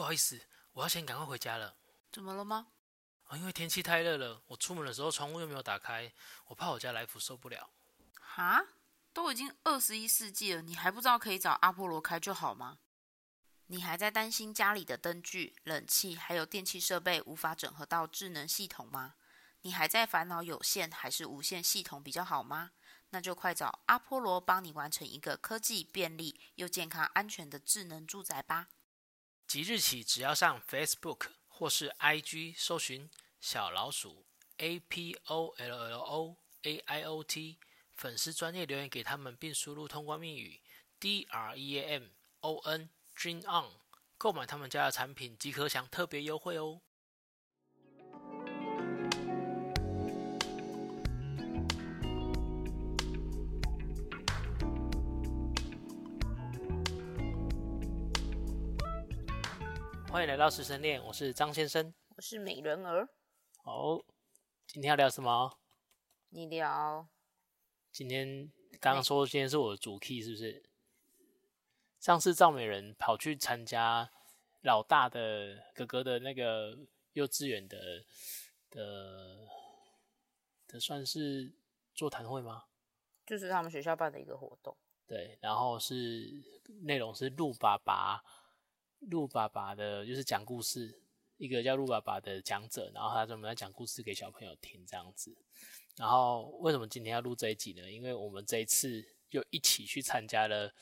不好意思，我要先趕快回家了。怎麼了嗎？啊，因為天氣太熱了，我出門的時候窗戶又沒有打開，我怕我家來福受不了。哈，都已經二十一世紀了，你還不知道可以找阿波羅開就好嗎？你還在擔心家裡的燈具、冷氣還有電器設備無法整合到智能系統嗎？你還在煩惱有線還是無線系統比較好嗎？那就快找阿波羅幫你完成一個科技便利又健康安全的智能住宅吧。即日起，只要上 Facebook 或是 IG 搜尋“小老鼠 ApolloAiot”，粉絲專頁留言給他們，並輸入通關密語 “DreamOn”、“DreamOn”，購買他們家的產品即可享特別優惠哦！歡迎來到濕身戀，我是張先生，我是美人兒。好、oh，今天要聊什麼？你聊。今天剛剛說、欸，今天是我的主題，是不是？上次趙美人跑去參加老大的哥哥的那個幼稚園的的的，的的算是座談會嗎？就是他們學校辦的一個活動。對，然後是內容是陸爸爸。鹿爸爸的就是講故事，一個叫鹿爸爸的講者，然後他專門在講故事給小朋友聽這樣子。然後為什麼今天要錄這一集呢？因為我們這一次又一起去參加了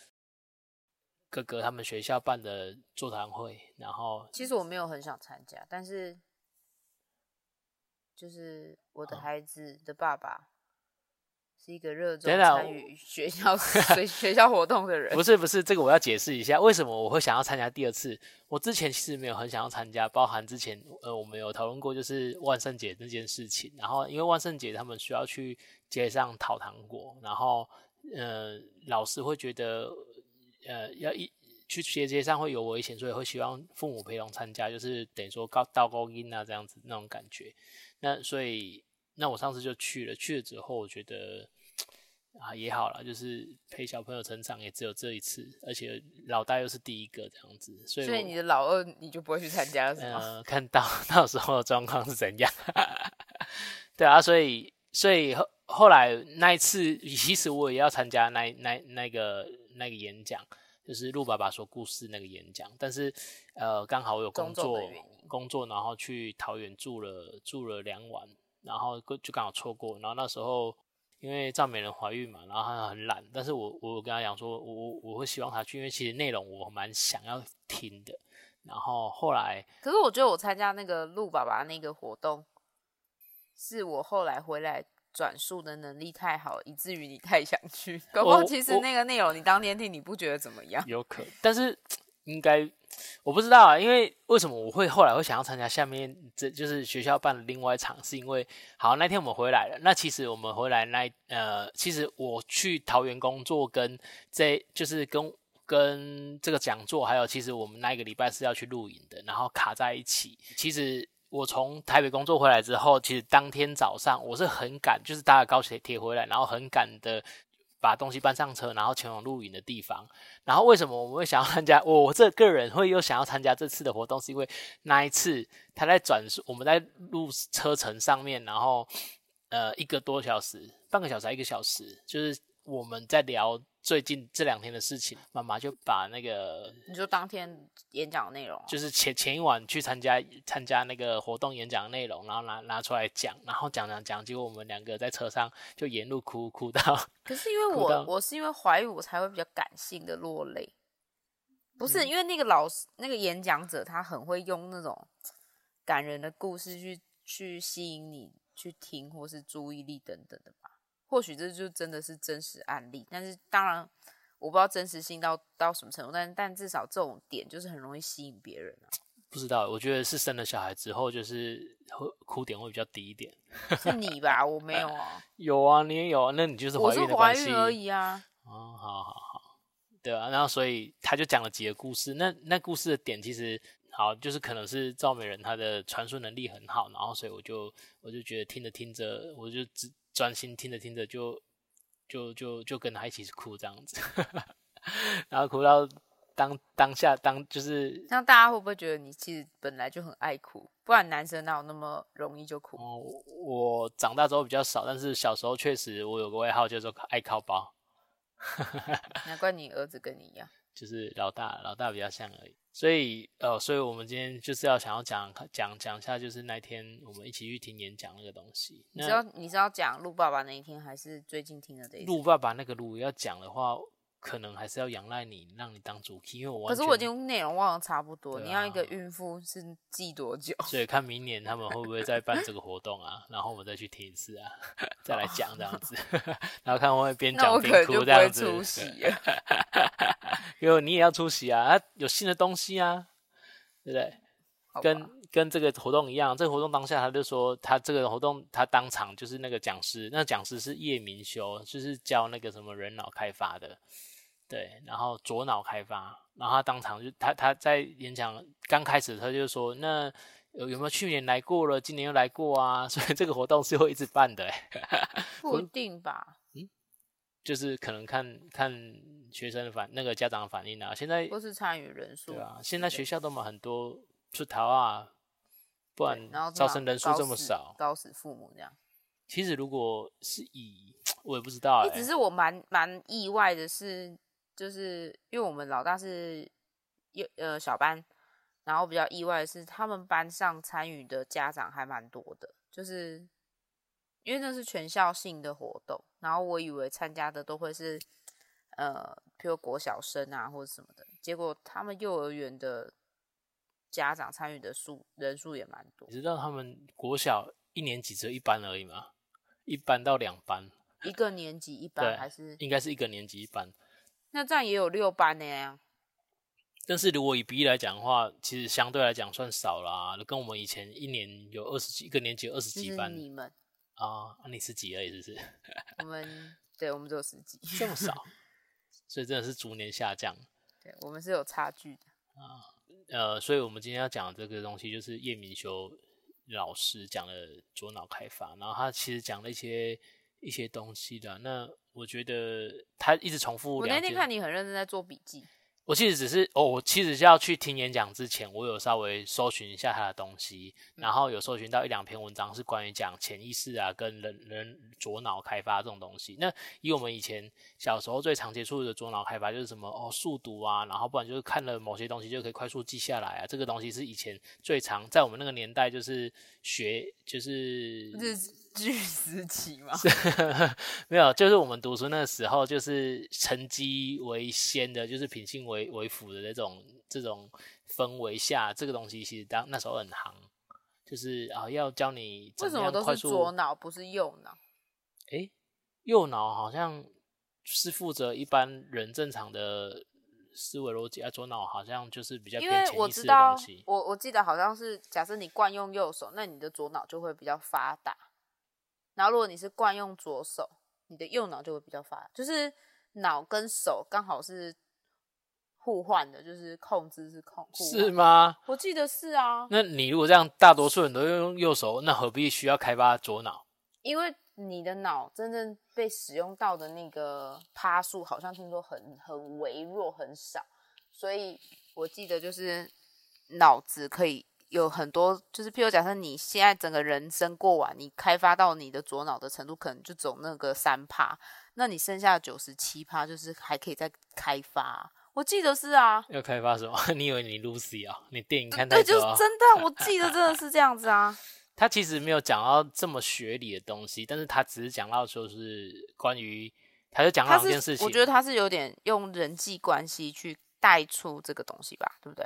哥哥他們學校辦的座談會，然後其實我沒有很想參加，但是就是我的孩子的爸爸，嗯。是一個熱衷參與學校學校活動的人。 不是不是，這個我要解釋一下，為什麼我會想要參加第二次。我之前其實沒有很想要參加，包含之前呃我們有討論過，就是萬聖節那件事情。然後因為萬聖節他們需要去街上討糖果，然後呃老師會覺得呃要一去街街上會有危險，所以會希望父母陪同參加，就是等於說高倒高音啊這樣子那種感覺。那所以那我上次就去了，去了之後我覺得。啊，也好了，就是陪小朋友成長也只有這一次，而且老大又是第一個這樣子，所以所以你的老二你就不會去參加是嗎？呃，看到到時候的狀況是怎樣？ 對啊，所以所以後後來那一次，其實我也要參加那那那個那個演講，就是陸爸爸說故事那個演講，但是呃剛好我有工作工作，然後去桃園住了住了兩晚，然後就剛好錯過，然後那時候。因為趙美人懷孕嘛，然後她很懶，但是我我跟她講說，我我我會希望她去，因為其實內容我蠻想要聽的。然後後來，可是我覺得我參加那個鹿爸爸那個活動，是我後來回來轉述的能力太好，以至於你太想去。可不，其實那個內容你當天聽，你不覺得怎麼樣？有可能，但是應該。我不知道啊，因為為什麼我會後來會想要參加下面這就是學校辦的另外一場，是因為好，那天我們回來了，那其實我們回來那呃，其實我去桃園工作跟這就是跟跟這個講座，還有其實我們那一個禮拜是要去露營的，然後卡在一起。其實我從台北工作回來之後，其實當天早上我是很趕，就是搭高鐵鐵回來，然後很趕的。把東西搬上車，然後前往露營的地方。然後為什麼我們會想要參加？我這個人會又想要參加這次的活動，是因為那一次他在轉，我們在路車程上面，然後呃一個多小時，半個小時還一個小時，就是我們在聊。最近這兩天的事情，媽媽就把那個你就當天演講內容，就是前前一晚去參加參加那個活動演講內容，然後拿拿出來講，然後講講講，結果我們兩個在車上就沿路哭哭到。可是因為我我是因為懷疑我才會比較感性的落淚，不是、嗯、因為那個老師那個演講者他很會用那種感人的故事去去吸引你去聽或是注意力等等的吧。或許這就真的是真實案例，但是當然我不知道真實性到到什麼程度，但但至少這種點就是很容易吸引別人啊。不知道，我覺得是生了小孩之後，就是會哭點會比較低一點。是你吧？ 我沒有啊。有啊，你也有啊，那你就是懷孕的關係而已啊。哦，好好好，對啊。然後所以他就講了幾個故事，那那故事的點其實好，就是可能是趙美人她的傳輸能力很好，然後所以我就我就覺得聽着聽着我就知。專心聽着聽着就就就就跟他一起哭這樣子， 然後哭到當當下當就是，那大家會不會覺得你其實本來就很愛哭？不然男生哪有那麼容易就哭，嗯？我長大之後比較少，但是小時候確實我有個外號叫做愛哭包， 難怪你兒子跟你一樣。就是老大，老大比較像而已。所以，呃、哦，所以我們今天就是要想要講講講一下，就是那天我們一起去聽演講那個東西。你知道你是要講陸爸爸那一天，還是最近聽的？陸爸爸那個鹿要講的話，可能還是要仰賴你，讓你當主 key，因為我完全。可是我已經內容忘了差不多，啊。你要一個孕婦是記多久？所以看明年他們會不會再辦這個活動啊？ 然後我們再去聽一次啊，再來講這樣子， 然後看我會邊講邊哭這樣子。那我可能就不會出席了 因為你也要出席啊，他有新的東西啊，對不對？跟跟這個活動一樣，這個活動當下他就說，他這個活動他當場就是那個講師，那講師是葉明修，就是教那個什麼人腦開發的，對。然後左腦開發，然後他當場就他他在演講剛開始他就說，那有，有沒有去年來過了？今年又來過啊？所以這個活動是會一直辦的，欸，固定吧。 就是可能看看學生的反那個家長的反應啊，現在不是參與人數對啊，現在學校都蠻很多出逃啊，不然招生人數這麼少搞，搞死父母這樣。其實如果是以我也不知道啊、欸，一直是我蠻蠻意外的是，就是因為我們老大是幼呃小班，然後比較意外的是他們班上參與的家長還蠻多的，就是。因為那是全校性的活動，然後我以為參加的都會是，呃，比如國小生啊或者什麼的，結果他們幼兒園的家長參與的數人數也蠻多。你知道他們國小一年級只有一班而已嗎？一班到兩班，一個年級一班 還是？應該是一個年級一班。那這樣也有六班呢。但是如果以比例來講的話，其實相對來講算少啦，跟我們以前一年有二十幾，一個年級有二十幾班你們。啊、oh，你十幾而已，是不是？我們，對，我們只有十幾， 這麼少，所以真的是逐年下降。對，我們是有差距的啊。Uh, 呃，所以我們今天要講的這個東西，就是葉明修老師講的左腦開發，然後他其實講了一些一些東西的。那我覺得他一直重複。我那天看你很認真在做筆記。我其實只是哦，我其實是要去聽演講之前，我有稍微搜尋一下他的東西、嗯，然後有搜尋到一兩篇文章是關於講潛意識啊，跟人人左腦開發這種東西。那以我們以前小時候最常接觸的左腦開發，就是什麼哦，速讀啊，然後不然就是看了某些東西就可以快速記下來啊，這個東西是以前最常在我們那個年代就是學就是。巨時期嗎呵呵？沒有，就是我們讀書那時候，就是成績為先的，就是品性為為輔的那種這種氛圍下，這個東西其實當那時候很夯，就是啊，要教你怎，為什麼都是左腦不是右腦？誒、欸，右腦好像是負責一般人正常的思維邏輯，而、啊、左腦好像就是比較因為我知道，偏潛意識的東西。我我記得好像是，假設你慣用右手，那你的左腦就會比較發達。然後，如果你是慣用左手，你的右腦就會比較發達，就是腦跟手剛好是互換的，就是控制是控制。是嗎？我記得是啊。那你如果這樣，大多數人都用右手，那何必需要開發左腦？因為你的腦真正被使用到的那個趴數，好像聽說很很微弱很少，所以我記得就是腦子可以。有很多，就是譬如假設你現在整個人生過完，你開發到你的左腦的程度，可能就走那個三趴，那你剩下九十七趴，就是還可以再開發。我記得是啊，要開發什麼？ 你以為你 Lucy 啊？你電影看太多？對，就是真的，我記得真的是這樣子啊。 他其實沒有講到這麼學理的東西，但是他只是講到說是關於，他就講到一件事情他是。我覺得他是有點用人際關係去帶出這個東西吧，對不對？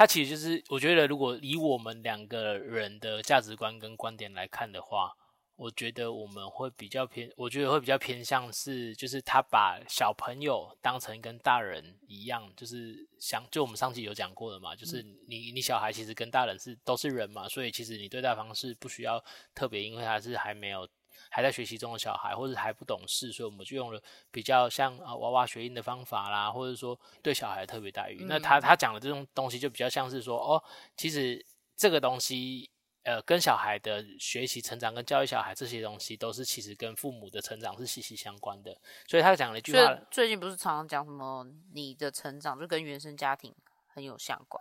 他其實就是，我覺得如果以我們兩個人的價值觀跟觀點來看的話，我覺得我們會比較偏，我覺得會比較偏向是，就是他把小朋友當成跟大人一樣，就是像，就我們上期有講過的嘛，就是你你小孩其實跟大人是都是人嘛，所以其實你對待方式不需要特別，因為他是還沒有。還在學習中的小孩，或者還不懂事，所以我們就用了比較像啊、呃、娃娃學音的方法啦，或者說對小孩特別待遇。嗯、那他他講的這種東西就比較像是說哦，其實這個東西呃跟小孩的學習成長跟教育小孩這些東西都是其實跟父母的成長是息息相關的。所以他講了一句話：最近不是常常講什麼你的成長就跟原生家庭很有相關，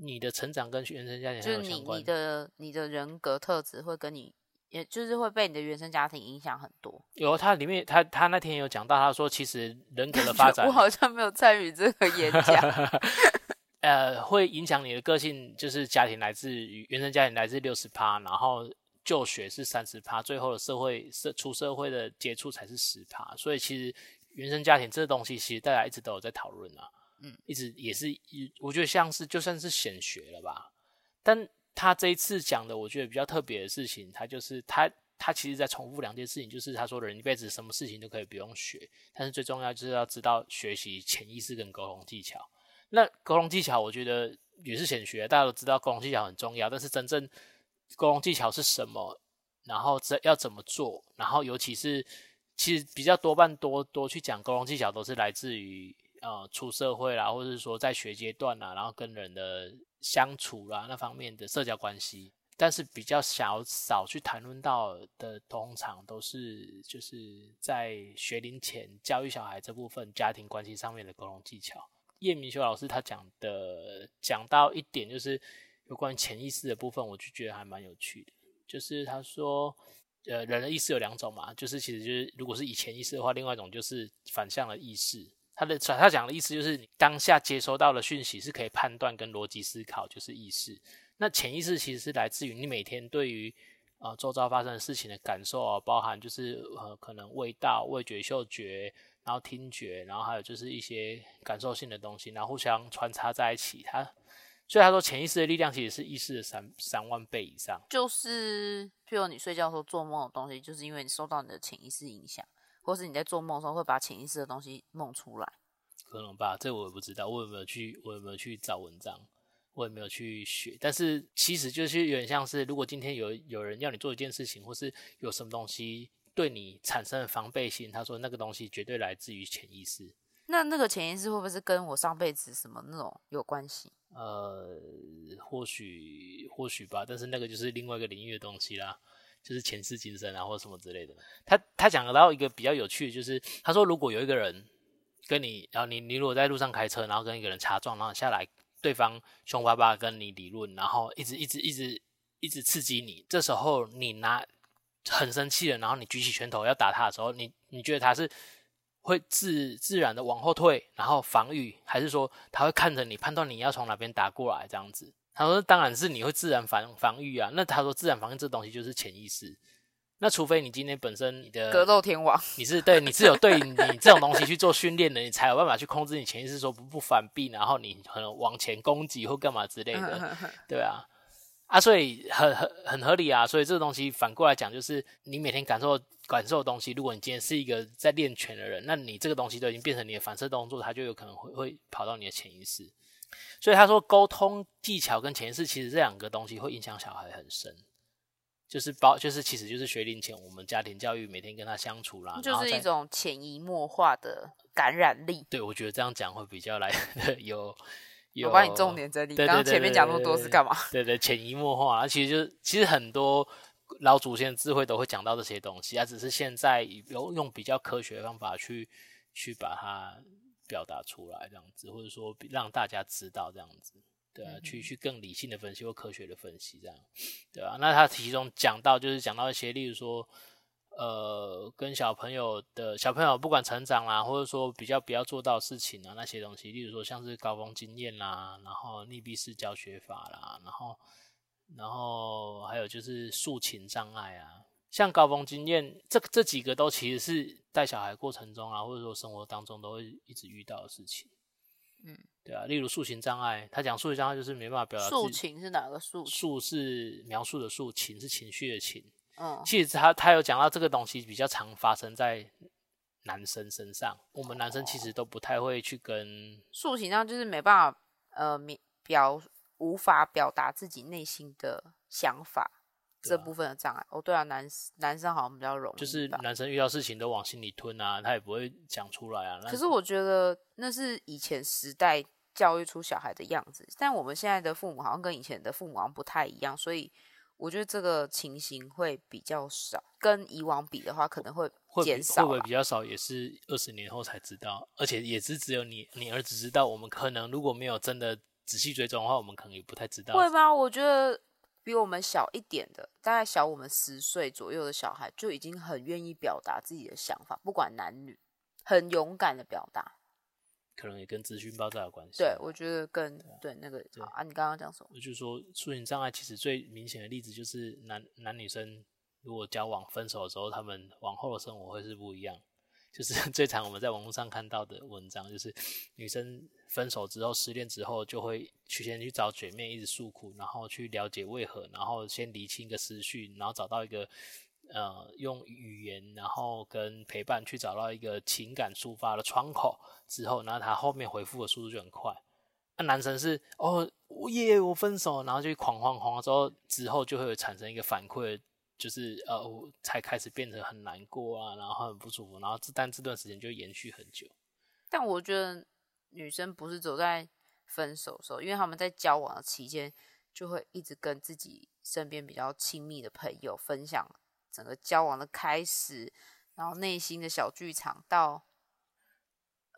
你的成長跟原生家庭很有相關就是、你你的你的人格特質會跟你。也就是會被你的原生家庭影響很多。有，他裡面他他那天有講到，他說其實人格的發展，我好像沒有參與這個演講 。 呃，會影響你的個性，就是家庭來自於原生家庭來自六十趴，然後就學是三十趴，最後的社會、社出社會的接觸才是十趴。所以其實原生家庭這東西，其實大家一直都有在討論啊。嗯，一直也是，一我覺得像是就算是顯學了吧，但。他這一次講的，我覺得比較特別的事情，他就是他他其實，在重複兩件事情，就是他說人一輩子什麼事情都可以不用學，但是最重要就是要知道學習潛意識跟溝通技巧。那溝通技巧，我覺得也是顯學，大家都知道溝通技巧很重要，但是真正溝通技巧是什麼，然後這要怎麼做，然後尤其是其實比較多半多多去講溝通技巧，都是來自於。呃、哦，出社會啦、啊，或者是說在學階段啦、啊，然後跟人的相處啦、啊、那方面的社交關係，但是比較少少去談論到的，的通常都是就是在學齡前教育小孩這部分家庭關係上面的溝通技巧。葉明修老師他講的講到一點，就是有關於潛意識的部分，我就覺得還蠻有趣的。就是他說，呃，人的意識有兩種嘛，就是其實就是如果是以潛意識的話，另外一種就是反向的意識。他的他講的意思就是，你當下接收到的訊息是可以判斷跟邏輯思考，就是意識。那潛意識其實是來自於你每天對於呃周遭發生的事情的感受啊、哦，包含就是呃可能味道、味覺、嗅覺，然後聽覺，然後還有就是一些感受性的東西，然後互相穿插在一起。他所以他說潛意識的力量其實是意識的三三萬倍以上。就是，譬如你睡覺的時候做夢的東西，就是因為你受到你的潛意識影響。或是你在做夢的時候會把潛意識的東西弄出來，可能吧，這我也不知道，我有沒有去，我有沒有去找文章，我也沒有去學。但是其實就是有點像是，如果今天有有人要你做一件事情，或是有什麼東西對你產生了防備心，他說那個東西絕對來自於潛意識。那那個潛意識會不會是跟我上輩子什麼那種有關係？呃，或許或許吧，但是那個就是另外一個領域的東西啦。就是前世今生啊，或者什麼之類的。他他講到一個比較有趣，就是他說如果有一個人跟你，然後你你如果在路上開車，然後跟一個人擦撞，然後下來，對方凶巴巴跟你理論，然後一直一直一直一直刺激你，這時候你拿很生氣了，然後你舉起拳頭要打他的時候，你你覺得他是會自自然的往後退，然後防御，還是說他會看着你判斷你要從哪邊打過來這樣子？他說：“當然是你會自然防防禦啊。”那他說：“自然防禦這東西就是潛意識。”那除非你今天本身你的格鬥天王，你是對你是有對你這種東西去做訓練的， 你才有辦法去控制你潛意識說不不反避，然後你可能往前攻擊或幹嘛之類的呵呵呵。對啊，啊，所以很很很合理啊。所以這個東西反過來講，就是你每天感受感受的東西。如果你今天是一個在練拳的人，那你這個東西都已經變成你的反射動作，它就有可能會，會跑到你的潛意識。所以他說，溝通技巧跟潛意識，其實這兩個東西會影響小孩很深，就是包，就是其實就是學齡前，我們家庭教育每天跟他相處啦，就是一種潛移默化的感染力。對我覺得這樣講會比較來有有。幫你重點整理。剛剛前面講那麼多是幹嘛？對對，對，潛移默化，其實就其實很多老祖先智慧都會講到這些東西，啊，只是現在有用比較科學的方法去去把它。表達出來這樣子，或者說讓大家知道這樣子，對啊，嗯嗯，去去更理性的分析或科學的分析這樣，對啊，那他其中講到就是講到一些，例如說，呃，跟小朋友的小朋友不管成長啦、啊，或者說比較不要做到事情啊那些東西，例如說像是高峰經驗啦、啊，然後逆逼式教學法啦、啊，然後然後還有就是述情障礙啊，像高峰經驗，這這幾個都其實是帶小孩過程中啊，或者說生活當中都會一直遇到的事情，嗯，對啊，例如述情障礙，他講述情障礙就是沒辦法表達。述情是哪個述？述是描述的述，情是情緒的情。嗯，其實他他有講到這個東西比較常發生在男生身上，我們男生其實都不太會去跟。述情上就是沒辦法呃，表無法表達自己內心的想法。這部分的障礙、啊、哦，對啊，男男生好像比較容易，就是男生遇到事情都往心裡吞啊，他也不會講出來啊。可是我覺得那是以前時代教育出小孩的樣子，但我們現在的父母好像跟以前的父母好像不太一樣，所以我覺得這個情形會比較少，跟以往比的話可能會減少，啊。會不會比較少也是二十年後才知道，而且也是只有你你兒子知道，我們可能如果沒有真的仔細追蹤的話，我們可能也不太知道。會嗎？我覺得。比我們小一點的，大概小我們十歲左右的小孩，就已經很願意表達自己的想法，不管男女，很勇敢的表達。可能也跟資訊爆炸有關係。對，我覺得跟對那個對啊，你剛剛講什麼？就是說，述情障礙其實最明顯的例子就是男男女生如果交往分手的時候，他們往後的生活會是不一樣。就是最常我們在網絡上看到的文章，就是女生分手之後，失戀之後，就會去先去找姐妹一直訴苦，然後去了解為何，然後先理清一個思緒，然後找到一個呃用語言，然後跟陪伴去找到一個情感抒發的窗口之後，然後他後面回復的速度就很快、啊。那男生是哦我耶，我分手，然後就狂狂狂，之後之後就會有產生一個反饋。就是呃，我才開始變得很難過啊，然後很不舒服，然後這但這段時間就延續很久。但我覺得女生不是只在分手的時候，因為她們在交往的期間就會一直跟自己身邊比較親密的朋友分享整個交往的開始，然後內心的小劇場到，到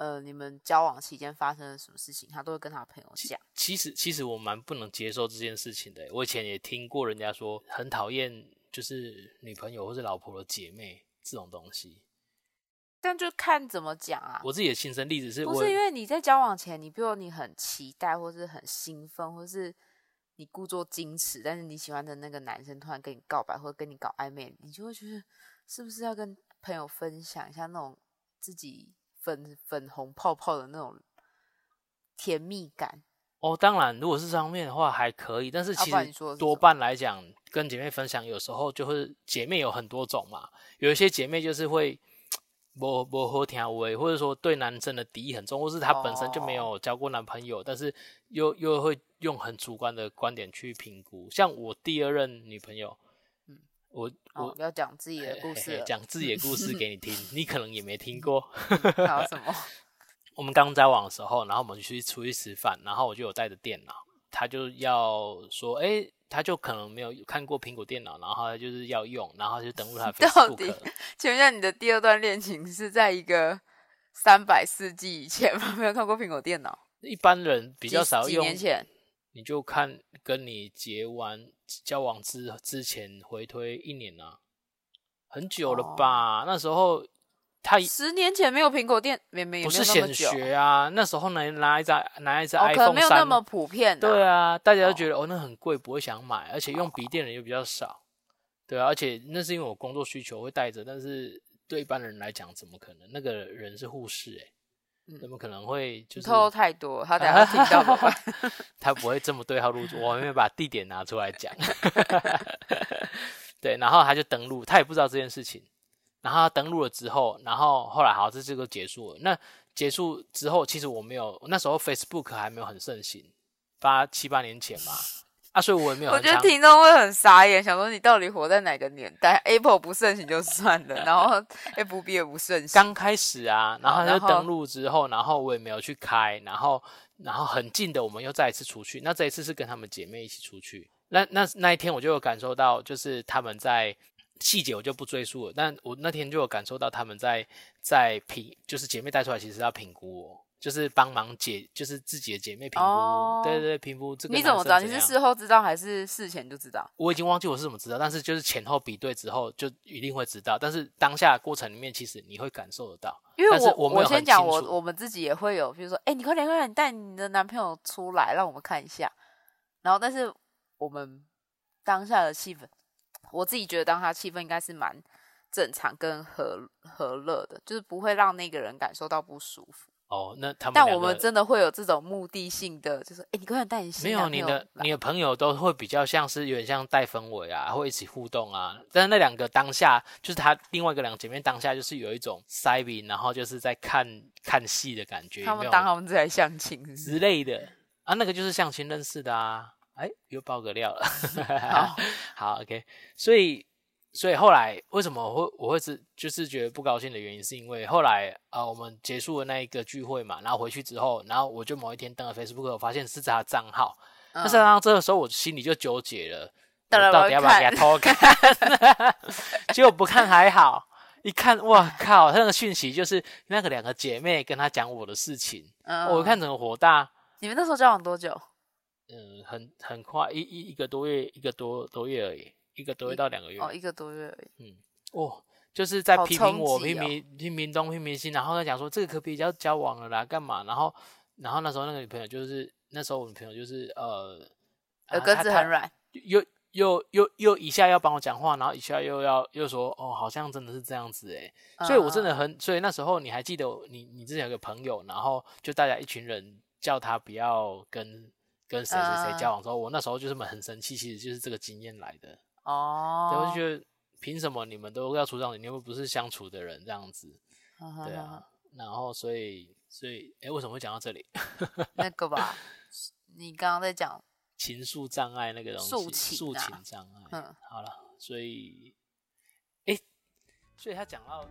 呃你們交往期間發生了什麼事情，她都會跟她朋友講。其實其實我蠻不能接受這件事情的，我以前也聽過人家說很討厭。就是女朋友或者老婆的姐妹這種東西，但就看怎麼講啊。我自己的親身例子是，不是因為你在交往前，你比如你很期待，或是很興奮，或是你故作矜持，但是你喜歡的那個男生突然跟你告白，或者跟你搞曖昧，你就會覺得是不是要跟朋友分享一下那種自己粉粉紅泡泡的那種甜蜜感？哦，當然，如果是上面的話還可以，但是其實多半來講，跟姐妹分享，有時候就是姐妹有很多種嘛，有一些姐妹就是會不模合調味，或者說對男生的敵意很重，或是她本身就沒有交過男朋友，哦、但是又又會用很主觀的觀點去評估。像我第二任女朋友，嗯，我、哦、我要講自己的故事，講自己的故事給你聽， 你可能也沒聽過，講、嗯、什麼？ 我們剛交往的時候，然後我們就去出去吃飯，然後我就有帶着電腦，他就要說，哎、欸，他就可能沒有看過蘋果電腦，然後就是要用，然後就登錄他的。到底請問一下，你的第二段戀情是在一個三百世紀以前嗎？沒有看過蘋果電腦，一般人比較少用。一年前，你就看跟你結完交往之之前回推一年啊，很久了吧？Oh. 那時候。他十年前沒有蘋果店，明明沒沒不是顯學啊。那時候呢，拿一張拿一張 iPhone 三、哦，可沒有那麼普遍，啊。對啊，大家都覺得哦，哦，那很貴，不會想買。而且用筆電的人又比較少，哦。對啊，而且那是因為我工作需求我會帶着，但是對一般人來講，怎麼可能？那個人是護士哎，欸嗯，怎麼可能會就是偷太多？他等下到不會， 他不會這麼對號入座。 我還沒把地點拿出來講。 對，然後他就登錄，他也不知道這件事情。然後登錄了之後，然後後來好，是這個結束了。那結束之後，其實我沒有，那時候 Facebook 還沒有很盛行，八七八年前吧。啊，所以我也沒有。我覺得聽眾會很傻眼，想說你到底活在哪個年代？Apple 不盛行就算了， 然後 f a c e b o 不盛行。剛開始啊，然後他就登錄之,、啊、之後，然後我也沒有去開，然後然後很近的，我們又再一次出去。那這一次是跟他們姐妹一起出去。那那那一天我就有感受到，就是他們在。細節我就不追溯了，但我那天就有感受到他們在在評，就是姐妹帶出來，其實要評估我，就是幫忙解，就是自己的姐妹評估，哦，對對，對，評估這個。你怎麼知道？你是事後知道還是事前就知道？我已經忘記我是怎麼知道，但是就是前後比對之後，就一定會知道。但是當下的過程裡面，其實你會感受得到，因為我我，我先講，我我們自己也會有，比如說，哎、欸，你快點快點，你帶你的男朋友出來，讓我們看一下。然後，但是我們當下的氣氛。我自己覺得，當他氣氛應該是蠻正常跟和和樂的，就是不會讓那個人感受到不舒服。哦，那他們，但我們真的會有這種目的性的，就是哎，你不用擔心。沒有，你的你的朋友都會比較像是有點像帶氛圍啊，會一起互動啊。但是那兩個當下，就是他另外一個兩個姐妹當下，就是有一種 side in 然後就是在看看戲的感覺。他們當有有他們在相親是是之類的啊，那個就是相親認識的啊。哎，又爆個料了， 好，好，OK。所以，所以後來為什麼我會我會是就是覺得不高興的原因，是因為後來啊、呃，我們結束了那一個聚會嘛，然後回去之後，然後我就某一天登了 Facebook，我發現是他的賬號。那實際上這個時候我心裡就糾結了，到，了到底要不要給他偷看？ 結果不看還好，一看，哇靠！他那個訊息就是那個兩個姐妹跟他講我的事情，嗯、我看整個火大。你們那時候交往多久？嗯，很很快，一一一個多月，一個多多月而已，一個多月到兩個月哦，一個多月而已。嗯，哦，就是在批評我，哦、批評批評東，批評西，然後他講說這個可比較交往了啦，幹嘛？然後，然後那時候那個女朋友就是那時候我女朋友就是呃，呃，啊、很軟又又又又一下要幫我講話，然後一下又要又說哦，好像真的是這樣子哎、欸，所以我真的很，所以那時候你還記得你你之前有個朋友，然後就大家一群人叫他不要跟。跟誰誰誰交往之後，說、uh, 我那時候就是很生氣，其實就是這個經驗來的。哦、oh.，我就覺得憑什麼你們都要出這樣？你們不是相處的人這樣子，oh. 對啊。Oh. 然後所以所以，哎、欸，為什麼會講到這裡？那個吧， 你剛剛在講情愫障礙那個東西，訴情、啊、障礙。嗯，好了，所以哎、欸，所以他講到。